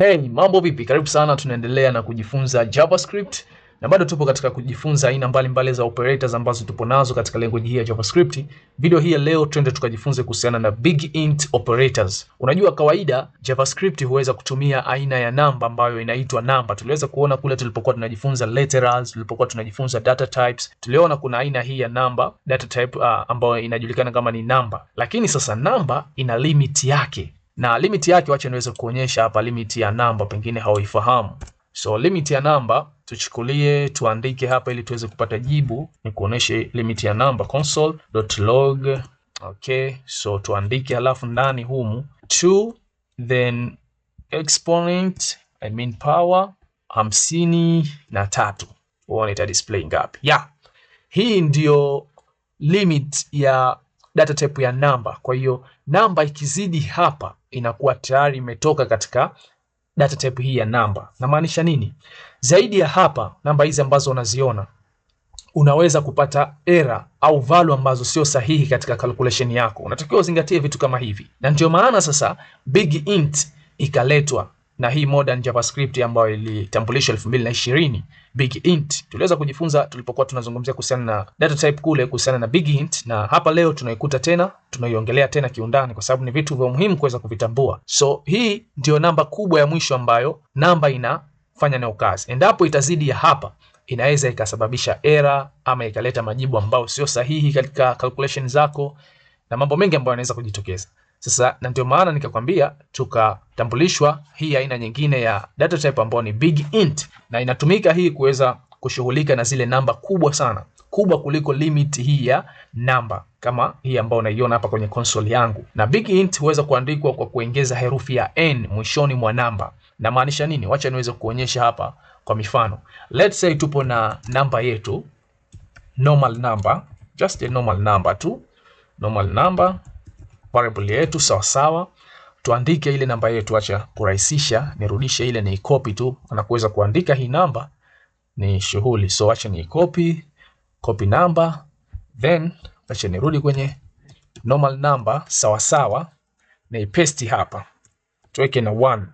Hey, mambo vipi? Karibu sana, tunaendelea na kujifunza JavaScript na bado tupo katika kujifunza aina mbalimbali za operators ambazo tupo nazo katika language hii ya JavaScript. Video hii ya leo twende tukajifunze kuhusiana na big int operators. Unajua kawaida JavaScript huweza kutumia aina ya namba ambayo inaitwa namba. Tuliweza kuona kule tulipokuwa tunajifunza literals, tulipokuwa tunajifunza data types, tuliona kuna aina hii ya namba data type uh, ambayo inajulikana kama ni namba. Lakini sasa namba ina limit yake na limit yake, wacha niweze kuonyesha hapa limit ya namba, pengine hauifahamu. So limit ya namba tuchukulie, tuandike hapa ili tuweze kupata jibu, ni kuonyesha limit ya namba console.log. Okay, so tuandike alafu ndani humu 2 then exponent I mean power hamsini na tatu, uone ita display ngapi? Yeah, hii ndio limit ya data type ya namba. Kwa hiyo namba ikizidi hapa inakuwa tayari imetoka katika data type hii ya namba. Namaanisha nini? Zaidi ya hapa, namba hizi ambazo unaziona unaweza kupata error au value ambazo sio sahihi katika calculation yako. Unatakiwa uzingatie vitu kama hivi, na ndio maana sasa big int ikaletwa na hii modern JavaScript ambayo ilitambulishwa 2020 big int, tuliweza kujifunza tulipokuwa tunazungumzia kuhusiana na data type kule kuhusiana na big int, na hapa leo tunaikuta tena, tunaiongelea tena kiundani, kwa sababu ni vitu vya muhimu kuweza kuvitambua. So hii ndio namba kubwa ya mwisho ambayo namba inafanya nayo kazi. Endapo itazidi ya hapa inaweza ikasababisha error ama ikaleta majibu ambayo sio sahihi katika calculation zako na mambo mengi ambayo yanaweza kujitokeza. Sasa na ndio maana nikakwambia tukatambulishwa hii aina nyingine ya data type ambayo ni big int, na inatumika hii kuweza kushughulika na zile namba kubwa sana, kubwa kuliko limit hii ya namba kama hii ambayo unaiona hapa kwenye console yangu. Na big int huweza kuandikwa kwa kuongeza herufi ya n mwishoni mwa namba. Na maanisha nini? Wacha niweze kuonyesha hapa kwa mifano. Let's say tupo na namba yetu normal number, just a normal number tu, normal number variable yetu sawa sawa, Tuandike ile namba yetu, acha kurahisisha nirudishe ile ni copy tu, na kuweza kuandika hii namba ni shughuli. So acha ni copy copy number, then acha nirudi kwenye normal number sawa sawa, na paste hapa, tuweke na 1.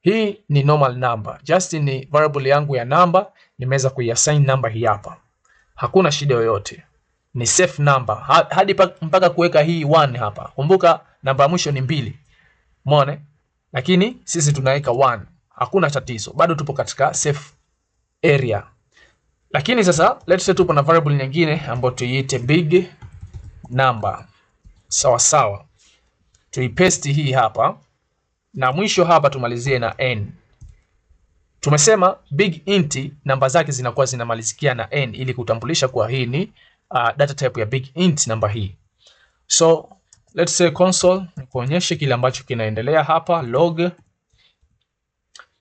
Hii ni normal number, just ni variable yangu ya namba, nimeweza kuiassign namba hii hapa, hakuna shida yoyote ni safe number hadi mpaka kuweka hii one hapa. Kumbuka namba ya mwisho ni mbili, umeona, lakini sisi tunaweka one, hakuna tatizo, bado tupo katika safe area. Lakini sasa let's say tupo na variable nyingine ambayo tuiite big number, sawa sawa, tuipaste hii hapa na mwisho hapa tumalizie na n. Tumesema big int namba zake zinakuwa zinamalizikia na n ili kutambulisha kuwa hii ni uh, data type ya big int namba hii. So let's say console, nikuonyeshe kile ambacho kinaendelea hapa log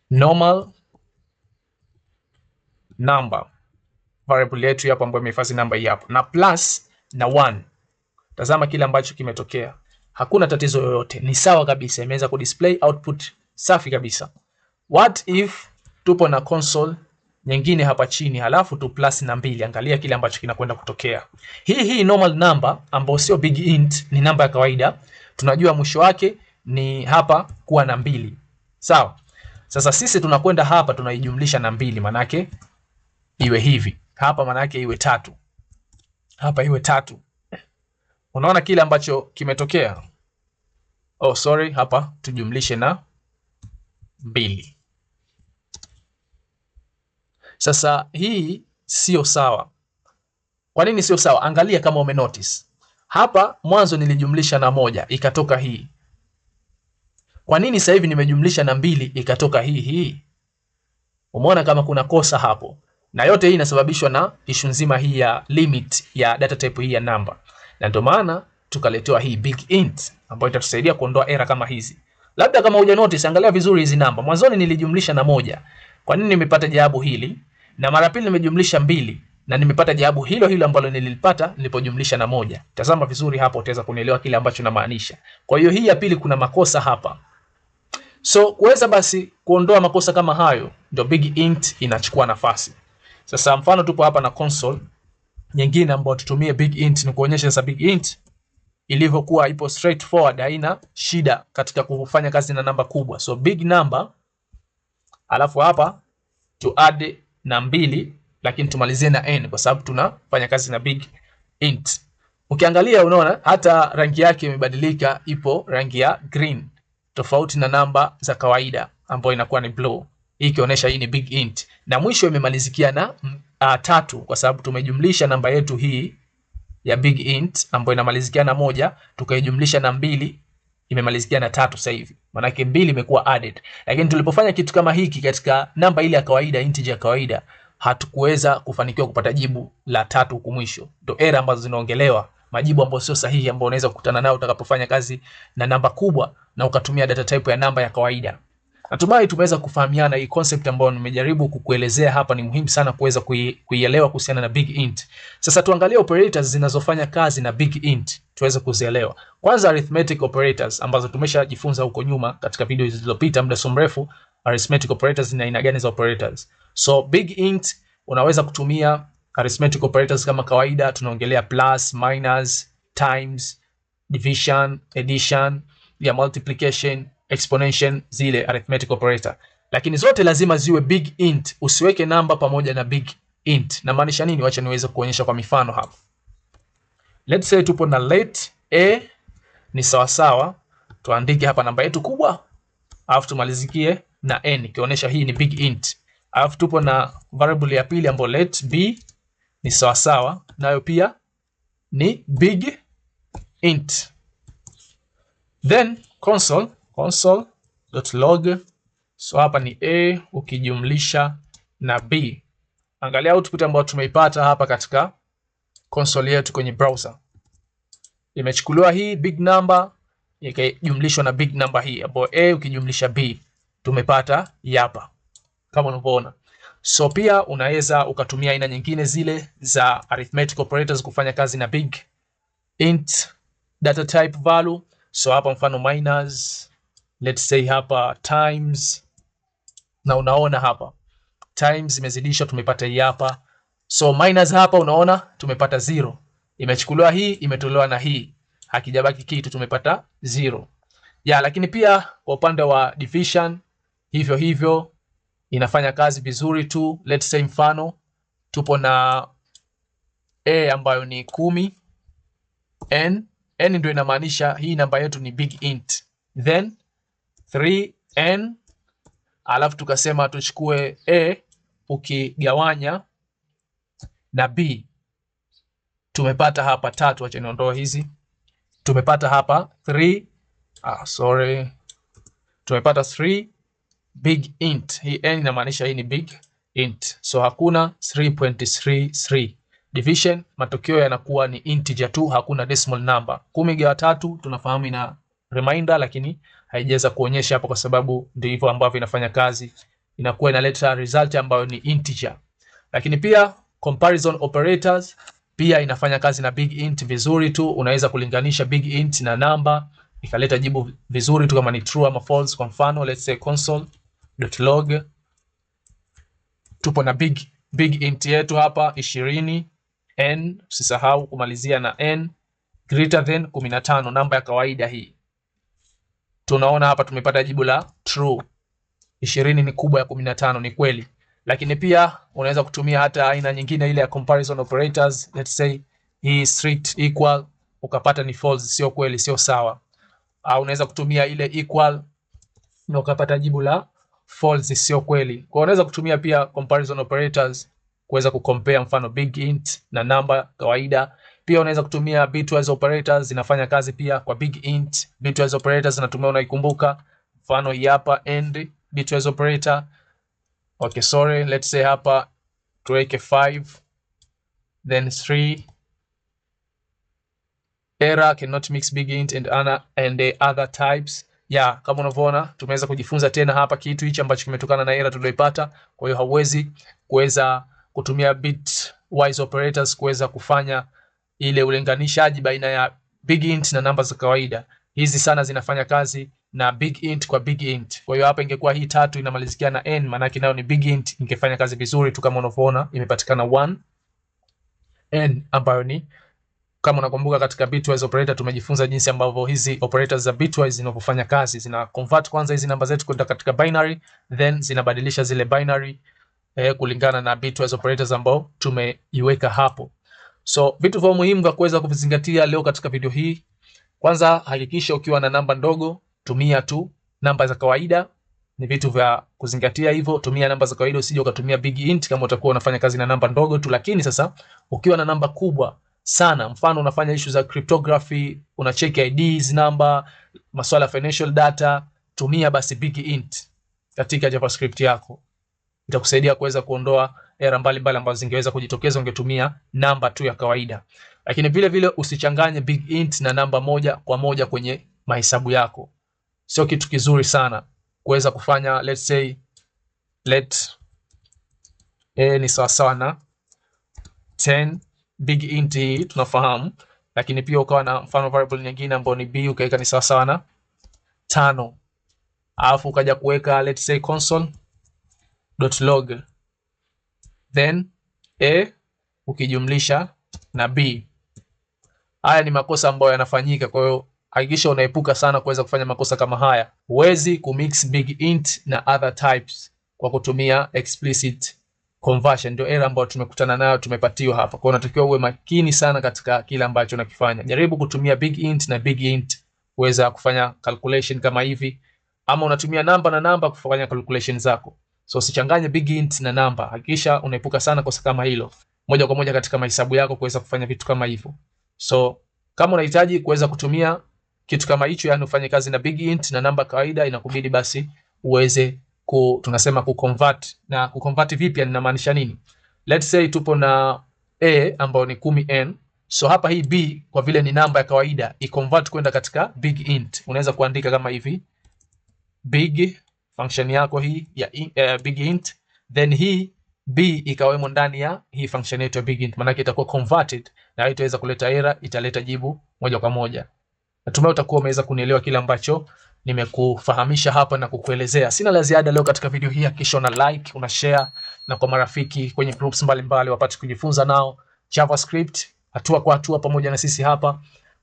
normal number variable yetu hapa ambayo imehifadhi namba hii hapa na plus na 1. Tazama kile ambacho kimetokea, hakuna tatizo yoyote, ni sawa kabisa, imeweza kudisplay output safi kabisa. What if tupo na console nyingine hapa chini halafu tu plus na mbili. Angalia kile ambacho kinakwenda kutokea. Hii hii normal number ambayo sio big int, ni namba ya kawaida. Tunajua mwisho wake ni hapa kuwa na mbili, sawa. Sasa sisi tunakwenda hapa tunaijumlisha na mbili, manake iwe hivi hapa, manake iwe tatu hapa, iwe tatu. Unaona kile ambacho kimetokea? Oh, sorry, hapa tujumlishe na mbili. Sasa hii sio sawa. Kwa nini sio sawa? Angalia kama ume notice. Hapa mwanzo nilijumlisha na moja ikatoka hii. Kwa nini sasa hivi nimejumlisha na mbili ikatoka hii hii? Umeona kama kuna kosa hapo. Na yote hii inasababishwa na ishu nzima hii ya limit ya data type hii ya namba. Na ndio maana tukaletewa hii big int ambayo itatusaidia kuondoa era kama hizi. Labda kama hujanotice, angalia vizuri hizi namba. Mwanzoni nilijumlisha na moja. Kwa nini nimepata jawabu hili? na mara pili nimejumlisha mbili na nimepata jawabu hilo hilo ambalo nililipata nilipojumlisha na moja. Tazama vizuri hapo utaweza kunielewa kile ambacho namaanisha. Kwa hiyo hii ya pili kuna makosa hapa. So kuweza basi kuondoa makosa kama hayo ndio big int inachukua nafasi. Sasa mfano tupo hapa na console nyingine ambayo tutumie big int ni kuonyesha sasa big int ilivyokuwa ipo straightforward, haina shida katika kufanya kazi na namba kubwa. So big number alafu hapa to add na mbili, lakini tumalizie na n kwa sababu tunafanya kazi na big int. Ukiangalia unaona hata rangi yake imebadilika, ipo rangi ya green tofauti na namba za kawaida ambayo inakuwa ni blue, hii ikionyesha hii ni big int, na mwisho imemalizikia na uh, tatu kwa sababu tumejumlisha namba yetu hii ya big int ambayo inamalizikia na moja tukaijumlisha na mbili imemalizikia na tatu sasa hivi, maanake mbili imekuwa added. Lakini tulipofanya kitu kama hiki katika namba ile ya kawaida, integer ya kawaida, hatukuweza kufanikiwa kupata jibu la tatu huko mwisho. Ndio error ambazo zinaongelewa, majibu ambayo sio sahihi, ambayo unaweza kukutana nayo utakapofanya kazi na namba kubwa na ukatumia data type ya namba ya kawaida. Natumai tumeweza kufahamiana. Hii concept ambayo nimejaribu kukuelezea hapa ni muhimu sana kuweza kuielewa kuhusiana na big int. Sasa tuangalie operators zinazofanya kazi na big int tuweze kuzielewa. Kwanza arithmetic operators ambazo tumeshajifunza huko nyuma katika video zilizopita muda mrefu, arithmetic operators ni aina gani za operators. So big int unaweza kutumia arithmetic operators kama kawaida, tunaongelea plus, minus, times, division, addition, ya multiplication, exponential, zile arithmetic operator. Lakini zote lazima ziwe big int, usiweke namba pamoja na big int. Na maanisha nini? Wacha niweze kuonyesha kwa mifano hapa. Let's say tupo na let a ni sawasawa, tuandike hapa namba yetu kubwa, alafu tumalizikie na n ikionyesha hii ni big int. Alafu tupo na variable ya pili ambayo let b ni sawasawa, nayo pia ni big int. Then console console.log, so hapa ni a ukijumlisha na b. Angalia output ambayo tumeipata hapa katika console yetu kwenye browser. Imechukuliwa hii big number ikajumlishwa na big number hii ambayo a ukijumlisha b tumepata hapa kama unavyoona. So pia unaweza ukatumia aina nyingine zile za arithmetic operators kufanya kazi na big int data type value. So hapa mfano minus, let's say hapa times, na unaona hapa times imezidishwa tumepata hii hapa So minus hapa unaona tumepata zero. Imechukuliwa hii, imetolewa na hii. Hakijabaki kitu tumepata zero. Ya, lakini pia kwa upande wa division hivyo hivyo inafanya kazi vizuri tu. Let's say mfano tupo na a ambayo ni kumi, n n ndio inamaanisha hii namba yetu ni big int. Then 3n alafu tukasema tuchukue a ukigawanya na B. Tumepata hapa tatu, acha niondoe hizi. Tumepata hapa 3. Ah, sorry. Tumepata 3 big int. Hii n inamaanisha hii ni big int. So hakuna 3.33. Division matokeo yanakuwa ni integer tu, hakuna decimal number. Kumi gawa tatu tunafahamu ina reminder, lakini haijaweza kuonyesha hapa kwa sababu ndio hivyo ambavyo inafanya kazi, inakuwa inaleta result ambayo ni integer. Lakini pia Comparison operators pia inafanya kazi na big int vizuri tu, unaweza kulinganisha big int na namba ikaleta jibu vizuri tu kama ni true ama false. Kwa mfano let's say console.log tupo na big, big int yetu hapa 20 n, usisahau kumalizia na n greater than 15, namba ya kawaida hii. Tunaona hapa tumepata jibu la true. 20 ni kubwa ya 15, ni kweli lakini pia unaweza kutumia hata aina nyingine ile ya comparison operators, let's say hii strict equal ukapata ni false, sio kweli, sio sawa. Au unaweza kutumia ile equal na ukapata jibu la false, sio kweli. Kwa hiyo unaweza kutumia pia comparison operators kuweza kucompare, mfano big int na namba kawaida. Pia unaweza kutumia bitwise operators, zinafanya kazi pia kwa big int. Bitwise operators zinatumia, unaikumbuka, mfano hii hapa end bitwise operator Okay, sorry, let's say hapa tuweke 5 then 3 error cannot mix big int and ana, and the other types yeah. Kama unavyoona tumeweza kujifunza tena hapa kitu hichi ambacho kimetokana na error tulioipata. Kwa hiyo hauwezi kuweza kutumia bit wise operators kuweza kufanya ile ulinganishaji baina ya big int na namba za kawaida. Hizi sana zinafanya kazi na big int kwa big int. Kwa hiyo hapa ingekuwa hii tatu inamalizikia na n, maana yake nayo ni big int, ingefanya kazi vizuri tu kama unavyoona imepatikana 1 n ambayo ni kama unakumbuka katika bitwise operator tumejifunza jinsi ambavyo hizi operators za bitwise zinavyofanya kazi. Zina convert kwanza hizi namba zetu kwenda katika binary, then zinabadilisha zile binary eh, kulingana na bitwise operators ambao tumeiweka hapo. So vitu vya muhimu vya kuweza kuvizingatia leo katika video hii, kwanza hakikisha ukiwa na namba ndogo tumia tu namba za kawaida. Ni vitu vya kuzingatia hivyo, tumia namba za kawaida, usije ukatumia big int kama utakuwa unafanya kazi na namba ndogo tu. Lakini sasa ukiwa na namba kubwa sana, mfano unafanya issue za cryptography, una check IDs namba, masuala financial data, tumia basi big int katika JavaScript yako, itakusaidia kuweza kuondoa error mbalimbali ambazo zingeweza kujitokeza ungetumia namba tu ya kawaida. Lakini vile vile usichanganye big int na namba moja kwa moja kwenye mahesabu yako sio kitu kizuri sana kuweza kufanya let's say, let a eh, ni sawasawa na 10 big int hii tunafahamu, lakini pia ukawa na mfano variable nyingine ambayo ni b ukaweka ni sawasawa na tano, alafu ukaja kuweka let's say console.log then a ukijumlisha na b. Haya ni makosa ambayo yanafanyika, kwa hiyo hakikisha unaepuka sana kuweza kufanya makosa kama haya. Huwezi kumix big int na other types kwa kutumia explicit conversion. Ndio error ambayo tumekutana nayo, tumepatiwa hapa. Kwa hiyo unatakiwa uwe makini sana katika kile ambacho unakifanya. Jaribu kutumia big int na big int kuweza kufanya calculation kama hivi, ama unatumia namba na namba kufanya calculation zako. So usichanganye big int na namba, hakikisha unaepuka sana kosa kama hilo moja kwa moja katika mahesabu yako kuweza kufanya vitu kama hivyo. So kama unahitaji kuweza kutumia kitu kama hicho, yani ufanye kazi na big int na namba kawaida, inakubidi basi uweze ku, tunasema ku convert na ku convert vipi, yani inamaanisha nini? Let's say tupo na a ambayo ni 10n so hapa hii b kwa vile ni namba ya kawaida i convert kwenda katika big int, unaweza kuandika kama hivi big function yako hii ya in, uh, eh, big int then hii b ikawemo ndani ya hii function yetu ya big int, maana itakuwa converted na haitaweza kuleta error, italeta jibu moja kwa moja. Natumai utakuwa umeweza kunielewa kile ambacho nimekufahamisha hapa na kukuelezea. Sina la ziada leo katika video hii, hakikisha una like, una share na kwa marafiki kwenye groups mbalimbali wapate kujifunza nao JavaScript hatua kwa hatua pamoja na sisi hapa.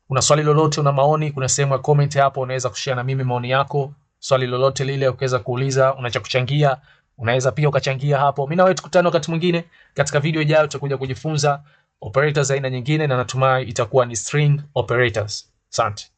Una swali lolote, una maoni, kuna sehemu ya comment hapo unaweza kushare na mimi maoni yako. Swali lolote lile ukiweza kuuliza, unacha kuchangia, unaweza pia ukachangia hapo. Mimi na wewe tukutane wakati mwingine katika video ijayo tutakuja kujifunza operators aina nyingine na natumai itakuwa ni string operators. Asante.